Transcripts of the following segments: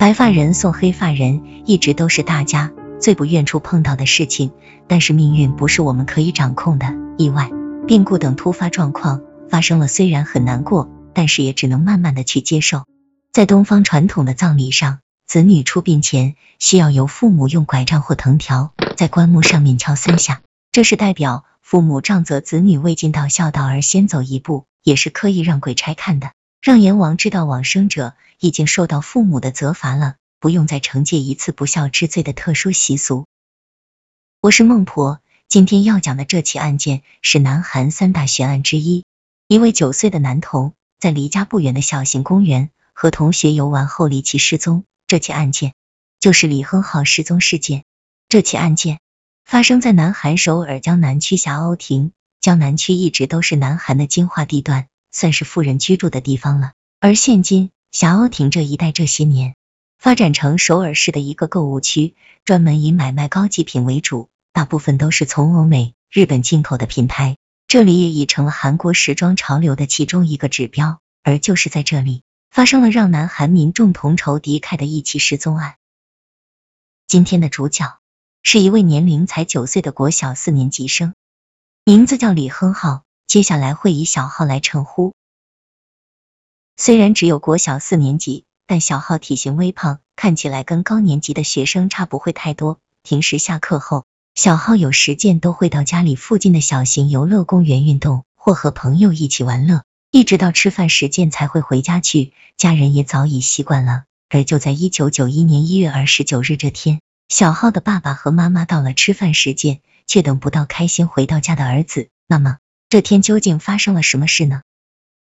白髮人送黑髮人，一直都是大家最不願觸碰到的事情。但是命運不是我們可以掌控的，意外、病故等突發狀況發生了，雖然很難過，但是也只能慢慢的去接受。在東方傳統的葬禮上，子女出殯前，需要由父母用拐杖或藤條在棺木上面敲三下，這是代表父母杖責子女未盡到孝道而先走一步，也是刻意讓鬼差看的。讓閻王知道，往生者已經受到父母的責罰了，不用再懲戒一次不孝之罪的特殊習俗。我是孟婆，今天要講的這起案件是南韓三大懸案之一。一位九歲的男童在離家不遠的小型公園和同學遊玩後離奇失蹤，這起案件就是李亨浩失蹤事件。這起案件發生在南韓首爾江南區狎鷗亭。江南區一直都是南韓的精華地段。算是富人居住的地方了。而現今霞鷗亭這一帶，這些年發展成首爾市的一個購物區，專門以買賣高級品為主，大部分都是從歐美、日本進口的品牌。這裡也已成了韓國時裝潮流的其中一個指標。而就是在這裡，發生了讓南韓民眾同仇敵愾的一起失蹤案。今天的主角是一位年齡才九歲的國小四年級生，名字叫李亨浩。接下來會以小浩來稱呼。雖然只有國小四年級，但小浩體型微胖，看起來跟高年級的學生差不會太多。平時下課後，小浩有時間都會到家裡附近的小型遊樂公園運動，或和朋友一起玩樂，一直到吃飯時間才會回家去。家人也早已習慣了。而就在一九九一年一月二十九日這天，小浩的爸爸和媽媽到了吃飯時間，卻等不到開心回到家的兒子。那麼？這天究竟發生了什麼事呢？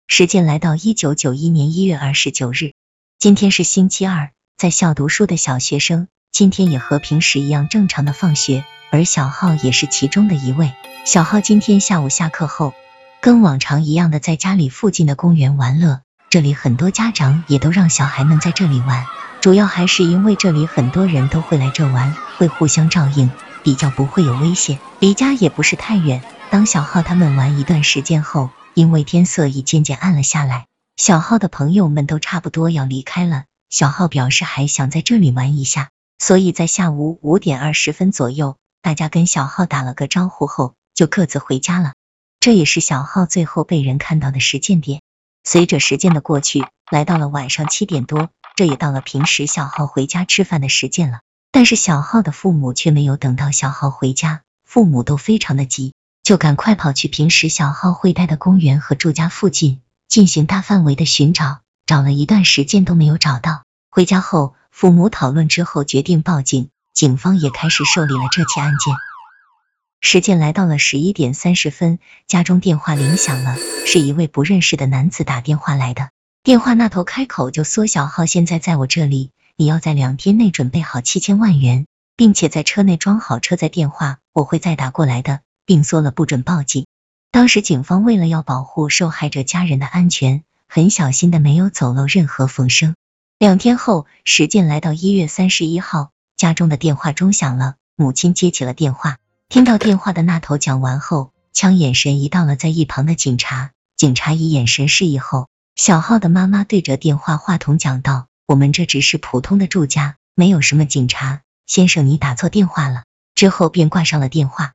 時間來到一九九一年一月二十九日，今天是星期二，在校讀書的小學生今天也和平時一樣正常的放學，而小浩也是其中的一位。小浩今天下午下課後，跟往常一樣的在家裡附近的公園玩樂，這裡很多家長也都讓小孩們在這裡玩，主要還是因為這裡很多人都會來這玩，會互相照應。比較不會有危險，離家也不是太遠。當小浩他們玩一段時間後，因為天色已漸漸暗了下來，小浩的朋友們都差不多要離開了。小浩表示還想在這裡玩一下，所以在下午五點二十分左右，大家跟小浩打了個招呼後，就各自回家了。這也是小浩最後被人看到的時間點。隨着時間的過去，來到了晚上七點多，這也到了平時小浩回家吃飯的時間了。但是小浩的父母卻沒有等到小浩回家，父母都非常的急，就趕快跑去平時小浩會待的公園和住家附近進行大範圍的尋找，找了一段時間都沒有找到。回家後，父母討論之後決定報警，警方也開始受理了這起案件。時間來到了十一點三十分，家中電話鈴響了，是一位不認識的男子打電話來的，電話那頭開口就說：“小浩現在在我這裡。”你要在兩天內準備好七千萬元，並且在車內裝好車載電話，我會再打過來的，並說了不准報警。當時警方為了要保護受害者家人的安全，很小心的沒有走漏任何風聲。兩天後，時間來到一月三十一號，家中的電話鐘響了，母親接起了電話，聽到電話的那頭講完後，將眼神移到了在一旁的警察，警察以眼神示意後，小浩的媽媽對着電話話筒講道。我們這只是普通的住家，沒有什麼警察。先生，你打錯電話了。之後便掛上了電話。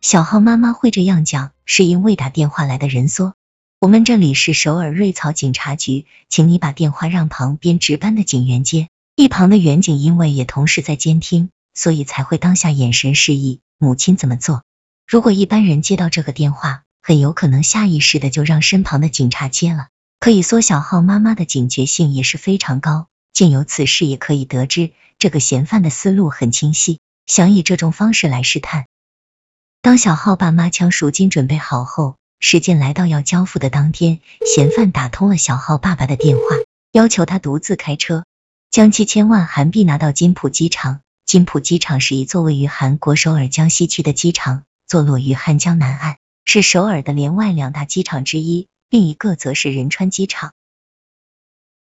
小浩媽媽會這樣講，是因為打電話來的人說，我們這裡是首爾瑞草警察局，請你把電話讓旁邊值班的警員接。一旁的員警因為也同時在監聽，所以才會當下眼神示意母親怎麼做。如果一般人接到這個電話，很有可能下意識的就讓身旁的警察接了。可以說小浩媽媽的警覺性也是非常高，經由此事也可以得知，這個嫌犯的思路很清晰，想以這種方式來試探。當小浩爸媽將贖金準備好後，時間來到要交付的當天，嫌犯打通了小浩爸爸的電話，要求他獨自開車將七千萬韓幣拿到金浦機場。金浦機場是一座位於韓國首爾江西區的機場，坐落於漢江南岸，是首爾的連外兩大機場之一。另一個則是仁川機場。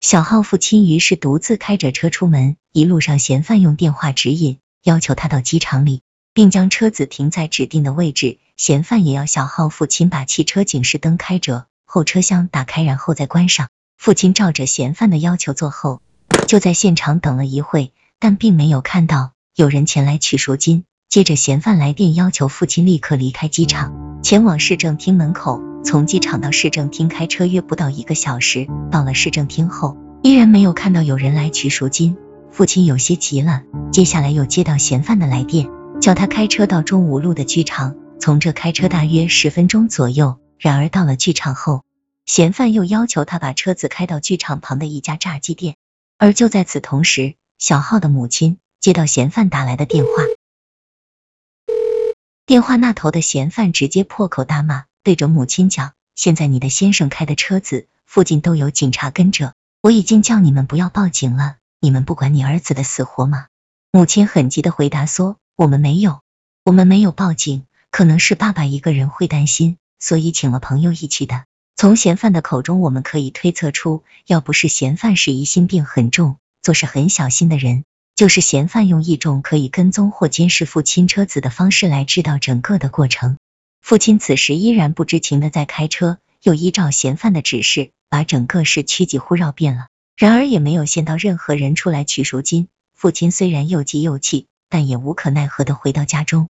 小浩父親於是獨自開着車出門，一路上嫌犯用電話指引，要求他到機場裡，並將車子停在指定的位置。嫌犯也要小浩父親把汽車警示燈開着，後車廂打開，然後再關上。父親照着嫌犯的要求做後，就在現場等了一會，但並沒有看到有人前來取贖金。接着嫌犯來電要求父親立刻離開機場。前往市政廳門口，從機場到市政廳開車約不到一個小時。到了市政廳後，依然沒有看到有人來取贖金，父親有些急了。接下來又接到嫌犯的來電，叫他開車到中五路的劇場，從這開車大約十分鐘左右。然而到了劇場後，嫌犯又要求他把車子開到劇場旁的一家炸雞店。而就在此同時，小浩的母親接到嫌犯打來的電話。電話那頭的嫌犯直接破口大罵，對着母親講：“現在你的先生開的車子附近都有警察跟着，我已經叫你們不要報警了，你們不管你兒子的死活嗎？”母親很急的回答說：“我們沒有，我們沒有報警，可能是爸爸一個人會擔心，所以請了朋友一起的。”從嫌犯的口中，我們可以推測出，要不是嫌犯是疑心病很重、做事很小心的人，就是嫌犯用一種可以跟蹤或監視父親車子的方式來知道整個的過程。父親此時依然不知情的在開車，又依照嫌犯的指示把整個市區幾乎繞遍了，然而也沒有見到任何人出來取贖金。父親雖然又急又氣，但也無可奈何的回到家中。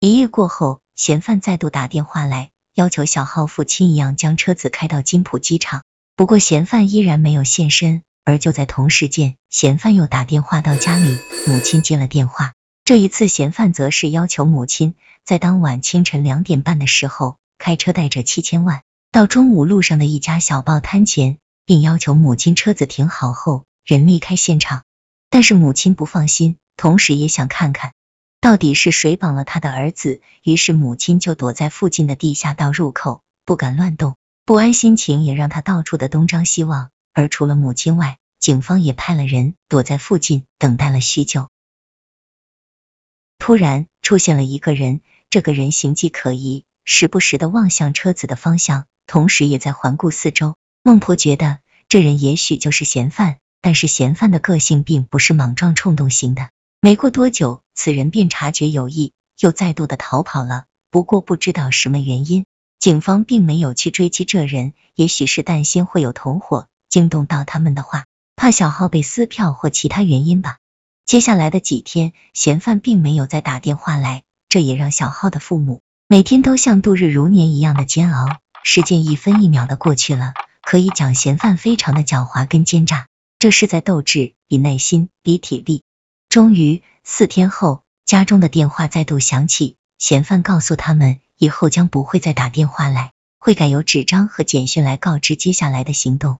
一夜過後，嫌犯再度打電話來，要求小浩父親一樣將車子開到金浦機場，不過嫌犯依然沒有現身。而就在同時間，嫌犯又打電話到家裡，母親接了電話。這一次，嫌犯則是要求母親在當晚清晨兩點半的時候，開車帶着七千萬到中午路上的一家小報攤前，並要求母親車子停好後人離開現場。但是母親不放心，同時也想看看到底是誰綁了他的兒子，於是母親就躲在附近的地下道入口，不敢亂動，不安心情也讓他到處的東張西望。而除了母親外，警方也派了人躲在附近，等待了許久。突然出現了一個人，這個人形跡可疑，時不時的望向車子的方向，同時也在環顧四周。孟婆覺得這人也許就是嫌犯，但是嫌犯的個性並不是莽撞衝動型的。沒過多久，此人便察覺有異，又再度的逃跑了。不過不知道什麼原因，警方並沒有去追擊這人，也許是擔心會有同夥。驚動到他們的話，怕小浩被撕票或其他原因吧。接下來的幾天，嫌犯並沒有再打電話來，這也讓小浩的父母每天都像度日如年一樣的煎熬。時間一分一秒的過去了，可以講嫌犯非常的狡猾跟奸詐，這是在鬥智，比耐心，比體力。終於四天後，家中的電話再度響起，嫌犯告訴他們以後將不會再打電話來，會改由紙張和簡訊來告知接下來的行動。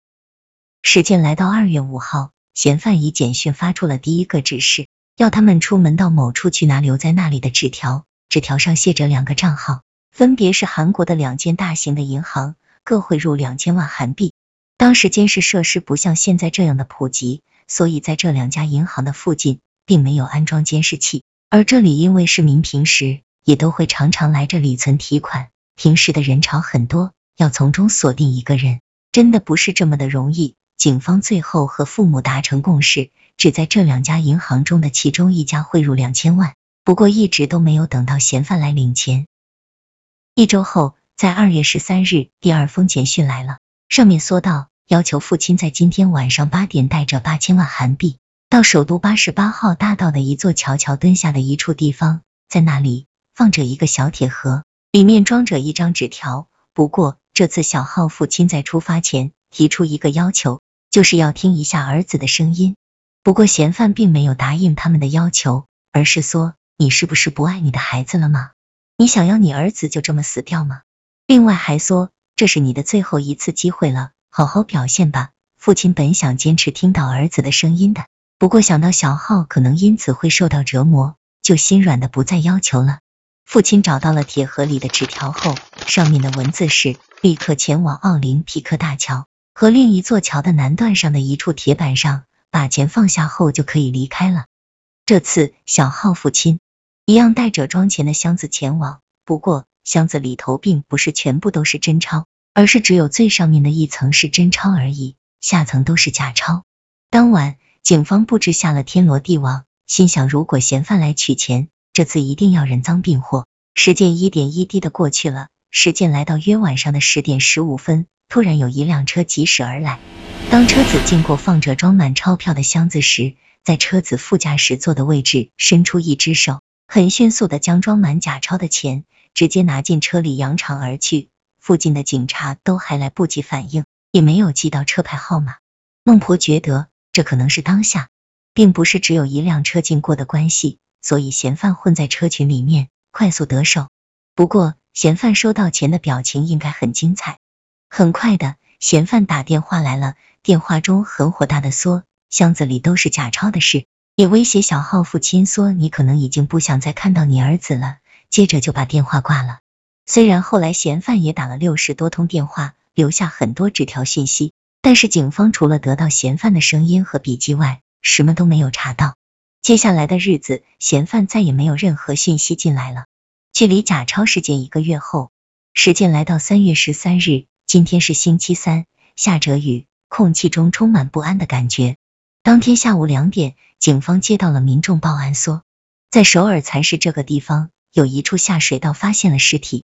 事件來到二月五號，嫌犯以簡訊發出了第一個指示，要他們出門到某處去拿留在那裡的紙條。紙條上寫着兩個賬號，分別是韓國的兩間大型的銀行，各匯入兩千萬韓幣。當時監視設施不像現在這樣的普及，所以在這兩家銀行的附近並沒有安裝監視器。而這裡因為市民平時，也都會常常來這裡存提款，平時的人潮很多，要從中鎖定一個人，真的不是這麼的容易。警方最後和父母達成共識，只在這兩家銀行中的其中一家匯入兩千萬。不過一直都沒有等到嫌犯來領錢。一周後，在二月十三日，第二封簡訊來了，上面說道，要求父親在今天晚上八點帶着八千萬韓幣到首都八十八號大道的一座橋橋墩下的一處地方，在那裡放着一個小鐵盒，裡面裝着一張紙條。不過這次小浩父親在出發前，提出一個要求，就是要聽一下兒子的聲音。不過嫌犯並沒有答應他們的要求，而是說：“你是不是不愛你的孩子了嗎？你想要你兒子就這麼死掉嗎？”另外還說：“這是你的最後一次機會了，好好表現吧。”父親本想堅持聽到兒子的聲音的，不過想到小浩可能因此會受到折磨，就心軟的不再要求了。父親找到了鐵盒裡的紙條後，上面的文字是：“立刻前往奧林匹克大橋。”和另一座橋的南段上的一處鐵板上，把錢放下後就可以離開了。這次小浩父親一樣帶着裝錢的箱子前往，不過箱子裡頭並不是全部都是真鈔，而是只有最上面的一層是真鈔而已，下層都是假鈔。當晚，警方布置下了天羅地網，心想如果嫌犯來取錢，這次一定要人贓並獲。時間一點一滴的過去了，時間來到約晚上的十點十五分。突然有一輛車疾駛而來，當車子經過放着裝滿鈔票的箱子時，在車子副駕駛座的位置伸出一隻手，很迅速的將裝滿假鈔的錢直接拿進車裡，揚長而去。附近的警察都還來不及反應，也沒有記到車牌號碼。孟婆覺得這可能是當下，並不是只有一輛車經過的關係，所以嫌犯混在車群裡面快速得手。不過嫌犯收到錢的表情應該很精彩。很快的，嫌犯打電話來了。電話中很火大的說：“箱子裡都是假鈔的事。”也威脅小浩父親說：“你可能已經不想再看到你兒子了。”接着就把電話掛了。雖然後來嫌犯也打了六十多通電話，留下很多紙條信息，但是警方除了得到嫌犯的聲音和筆跡外，什麼都沒有查到。接下來的日子，嫌犯再也沒有任何信息進來了。距離假鈔事件一個月後，時間來到三月十三日。今天是星期三，下着雨，空氣中充滿不安的感覺。當天下午兩點，警方接到了民眾報案，說在首爾蠶室這個地方有一處下水道發現了屍體。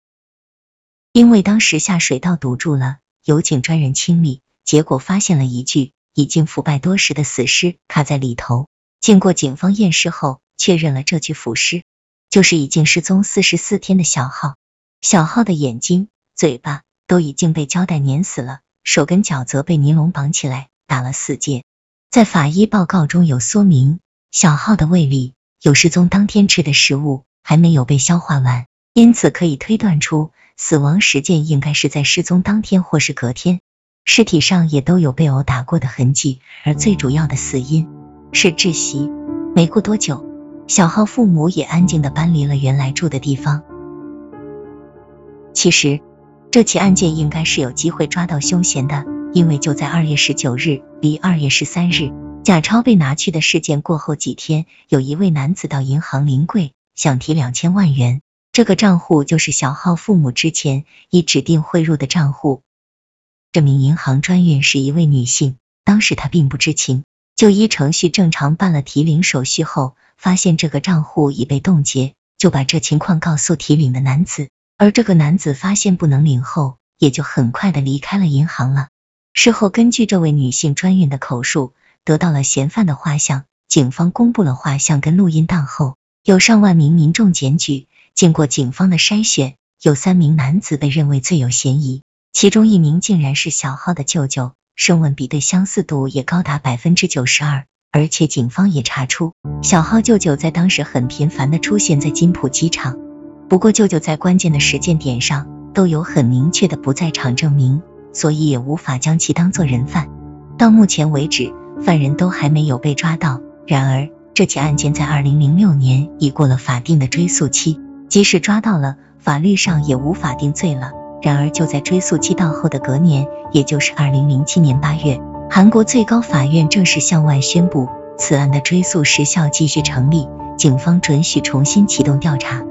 因為當時下水道堵住了，有請專人清理，結果發現了一具已經腐敗多時的死屍卡在裡頭。經過警方驗屍後，確認了這具腐屍就是已經失蹤四十四天的小浩。小浩的眼睛、嘴巴，都已經被膠帶粘死了，手跟腳則被尼龍綁起來打了死結。在法醫報告中有說明，小浩的胃裡有失蹤當天吃的食物，還沒有被消化完，因此可以推斷出死亡時間應該是在失蹤當天或是隔天。屍體上也都有被毆打過的痕跡，而最主要的死因是窒息。沒過多久，小浩父母也安靜的搬離了原來住的地方。其實。這起案件應該是有機會抓到兇嫌的，因為就在二月十九日，離二月十三日假鈔被拿去的事件過後幾天，有一位男子到銀行臨櫃想提兩千萬元，這個賬戶就是小浩父母之前已指定匯入的賬戶。這名銀行專員是一位女性，當時她並不知情，就依程序正常辦了提領手續後，發現這個賬戶已被凍結，就把這情況告訴提領的男子。而這個男子發現不能領後，也就很快的離開了銀行了。事後根據這位女性專運的口述，得到了嫌犯的畫像。警方公布了畫像跟錄音檔後，有上萬名民眾檢舉。經過警方的篩選，有三名男子被認為最有嫌疑，其中一名竟然是小浩的舅舅，聲紋比對相似度也高達百分之九十二。而且警方也查出，小浩舅舅在當時很頻繁的出現在金浦機場。不過，舅舅在關鍵的時間點上都有很明確的不在場證明，所以也無法將其當作人犯。到目前為止，犯人都還沒有被抓到。然而，這起案件在二零零六年已過了法定的追訴期，即使抓到了，法律上也無法定罪了。然而，就在追訴期到後的隔年，也就是二零零七年八月，韓國最高法院正式向外宣布，此案的追訴時效繼續成立，警方准許重新啟動調查。